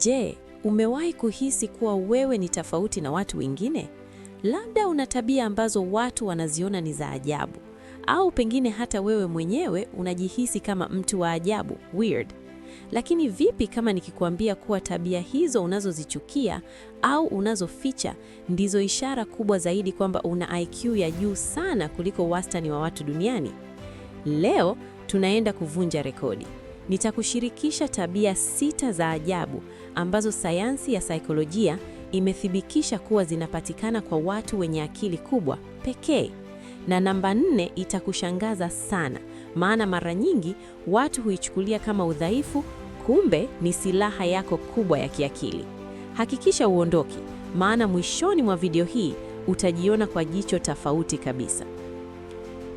Je, umewahi kuhisi kuwa wewe ni tofauti na watu wengine? Labda una tabia ambazo watu wanaziona ni za ajabu, au pengine hata wewe mwenyewe unajihisi kama mtu wa ajabu, weird. Lakini vipi kama nikikwambia kuwa tabia hizo unazozichukia au unazoficha ndizo ishara kubwa zaidi kwamba una IQ ya juu sana kuliko wastani wa watu duniani? Leo tunaenda kuvunja rekodi nitakushirikisha tabia sita za ajabu ambazo sayansi ya saikolojia imethibitisha kuwa zinapatikana kwa watu wenye akili kubwa pekee. Na namba nne itakushangaza sana, maana mara nyingi watu huichukulia kama udhaifu, kumbe ni silaha yako kubwa ya kiakili. Hakikisha uondoki, maana mwishoni mwa video hii utajiona kwa jicho tofauti kabisa.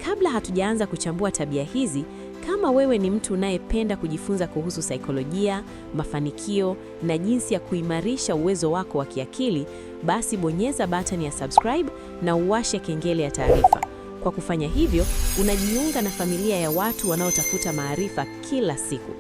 Kabla hatujaanza kuchambua tabia hizi, kama wewe ni mtu unayependa kujifunza kuhusu saikolojia, mafanikio na jinsi ya kuimarisha uwezo wako wa kiakili, basi bonyeza button ya subscribe na uwashe kengele ya taarifa. Kwa kufanya hivyo, unajiunga na familia ya watu wanaotafuta maarifa kila siku.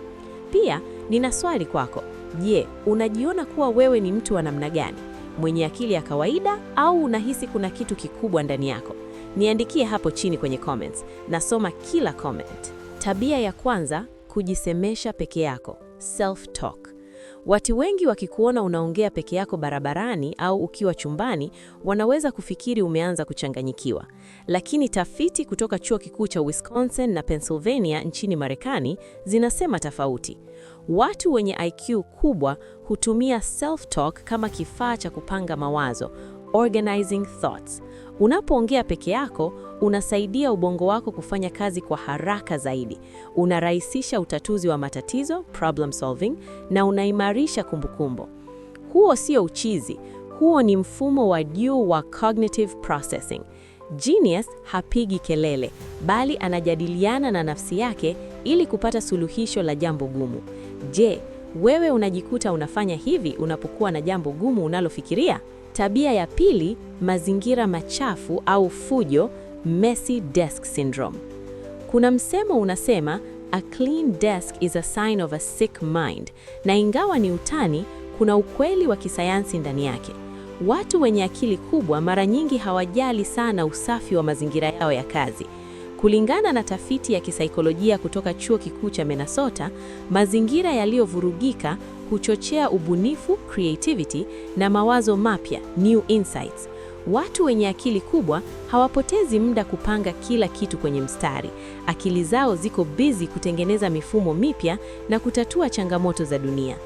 Pia, nina swali kwako. Je, unajiona kuwa wewe ni mtu wa namna gani? Mwenye akili ya kawaida au unahisi kuna kitu kikubwa ndani yako? Niandikie hapo chini kwenye comments. Nasoma kila comment. Tabia ya kwanza, kujisemesha peke yako, self talk. Watu wengi wakikuona unaongea peke yako barabarani au ukiwa chumbani, wanaweza kufikiri umeanza kuchanganyikiwa. Lakini tafiti kutoka chuo kikuu cha Wisconsin na Pennsylvania nchini Marekani zinasema tofauti. Watu wenye IQ kubwa hutumia self talk kama kifaa cha kupanga mawazo, organizing thoughts. Unapoongea peke yako, unasaidia ubongo wako kufanya kazi kwa haraka zaidi, unarahisisha utatuzi wa matatizo problem solving, na unaimarisha kumbukumbu. Huo sio uchizi, huo ni mfumo wa juu wa cognitive processing. Genius hapigi kelele, bali anajadiliana na nafsi yake ili kupata suluhisho la jambo gumu. Je, wewe unajikuta unafanya hivi unapokuwa na jambo gumu unalofikiria? Tabia ya pili, mazingira machafu au fujo, messy desk syndrome. Kuna msemo unasema a clean desk is a sign of a sick mind, na ingawa ni utani, kuna ukweli wa kisayansi ndani yake. Watu wenye akili kubwa mara nyingi hawajali sana usafi wa mazingira yao ya kazi. Kulingana na tafiti ya kisaikolojia kutoka Chuo Kikuu cha Minnesota, mazingira yaliyovurugika huchochea ubunifu creativity na mawazo mapya new insights. Watu wenye akili kubwa hawapotezi muda kupanga kila kitu kwenye mstari. Akili zao ziko busy kutengeneza mifumo mipya na kutatua changamoto za dunia.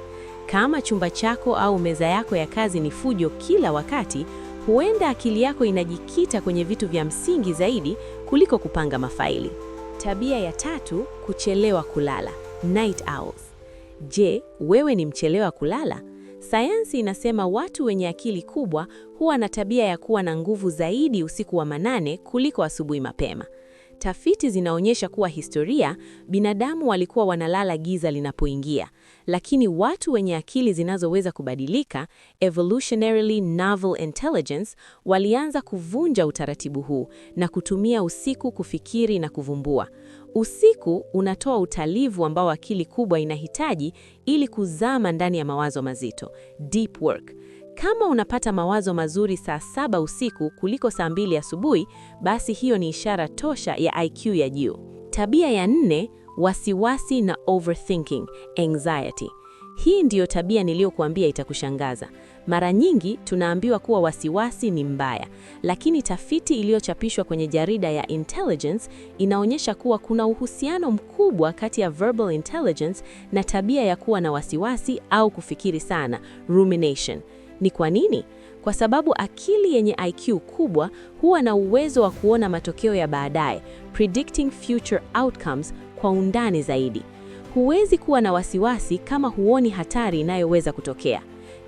Kama chumba chako au meza yako ya kazi ni fujo kila wakati, huenda akili yako inajikita kwenye vitu vya msingi zaidi kuliko kupanga mafaili. Tabia ya tatu, kuchelewa kulala, night owls. Je, wewe ni mchelewa kulala? Sayansi inasema watu wenye akili kubwa huwa na tabia ya kuwa na nguvu zaidi usiku wa manane kuliko asubuhi mapema. Tafiti zinaonyesha kuwa historia, binadamu walikuwa wanalala giza linapoingia, lakini watu wenye akili zinazoweza kubadilika, evolutionarily novel intelligence, walianza kuvunja utaratibu huu na kutumia usiku kufikiri na kuvumbua. Usiku unatoa utalivu ambao akili kubwa inahitaji ili kuzama ndani ya mawazo mazito, deep work. Kama unapata mawazo mazuri saa saba usiku kuliko saa mbili asubuhi, basi hiyo ni ishara tosha ya IQ ya juu. Tabia ya nne, wasiwasi na overthinking, anxiety. Hii ndiyo tabia niliyokuambia itakushangaza. Mara nyingi tunaambiwa kuwa wasiwasi ni mbaya, lakini tafiti iliyochapishwa kwenye jarida ya Intelligence inaonyesha kuwa kuna uhusiano mkubwa kati ya verbal intelligence na tabia ya kuwa na wasiwasi au kufikiri sana, rumination. Ni kwa nini? Kwa sababu akili yenye IQ kubwa huwa na uwezo wa kuona matokeo ya baadaye, predicting future outcomes, kwa undani zaidi. Huwezi kuwa na wasiwasi kama huoni hatari inayoweza kutokea.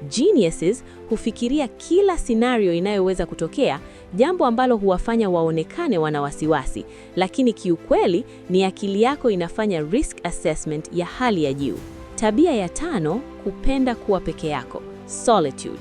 Geniuses hufikiria kila scenario inayoweza kutokea, jambo ambalo huwafanya waonekane wana wasiwasi, lakini kiukweli ni akili yako inafanya risk assessment ya hali ya juu. Tabia ya tano, kupenda kuwa peke yako, solitude.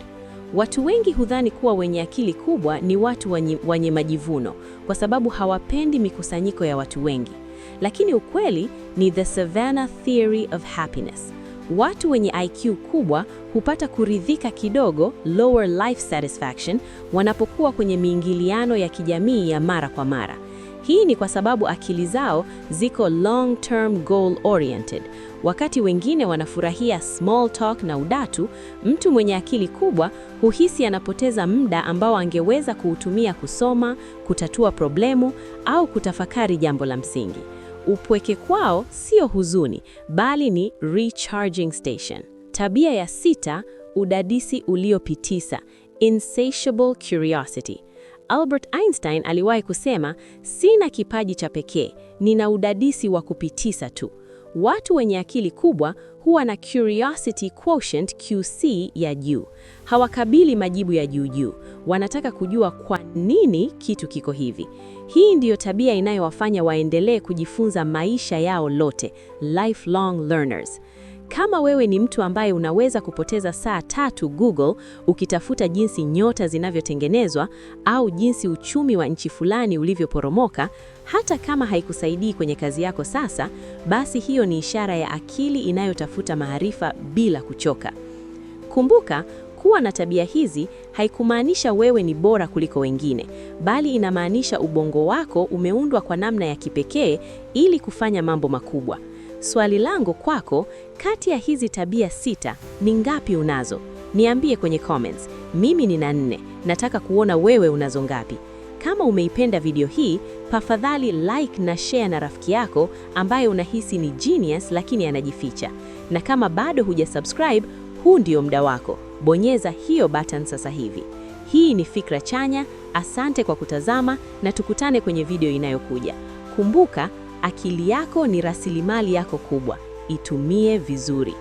Watu wengi hudhani kuwa wenye akili kubwa ni watu wenye majivuno, kwa sababu hawapendi mikusanyiko ya watu wengi. Lakini ukweli ni the Savannah theory of happiness. Watu wenye IQ kubwa hupata kuridhika kidogo, lower life satisfaction, wanapokuwa kwenye miingiliano ya kijamii ya mara kwa mara. Hii ni kwa sababu akili zao ziko long term goal oriented. Wakati wengine wanafurahia small talk na udatu, mtu mwenye akili kubwa huhisi anapoteza muda ambao angeweza kuutumia kusoma, kutatua problemu au kutafakari jambo la msingi. Upweke kwao sio huzuni, bali ni recharging station. Tabia ya sita, udadisi uliopitisa, insatiable curiosity. Albert Einstein aliwahi kusema, sina kipaji cha pekee, nina udadisi wa kupitisa tu. Watu wenye akili kubwa huwa na curiosity quotient QC ya juu. Hawakabili majibu ya juu juu, wanataka kujua kwa nini kitu kiko hivi. Hii ndiyo tabia inayowafanya waendelee kujifunza maisha yao lote, lifelong learners. Kama wewe ni mtu ambaye unaweza kupoteza saa tatu Google ukitafuta jinsi nyota zinavyotengenezwa au jinsi uchumi wa nchi fulani ulivyoporomoka, hata kama haikusaidii kwenye kazi yako sasa, basi hiyo ni ishara ya akili inayotafuta maarifa bila kuchoka. Kumbuka, kuwa na tabia hizi haikumaanisha wewe ni bora kuliko wengine, bali inamaanisha ubongo wako umeundwa kwa namna ya kipekee ili kufanya mambo makubwa. Swali langu kwako, kati ya hizi tabia sita ni ngapi unazo? Niambie kwenye comments. Mimi nina nne. Nataka kuona wewe unazo ngapi. Kama umeipenda video hii, tafadhali like na share na rafiki yako ambaye unahisi ni genius lakini anajificha. Na kama bado hujasubscribe, huu ndio muda wako. Bonyeza hiyo button sasa hivi. Hii ni Fikra Chanya. Asante kwa kutazama na tukutane kwenye video inayokuja. Kumbuka Akili yako ni rasilimali yako kubwa, itumie vizuri.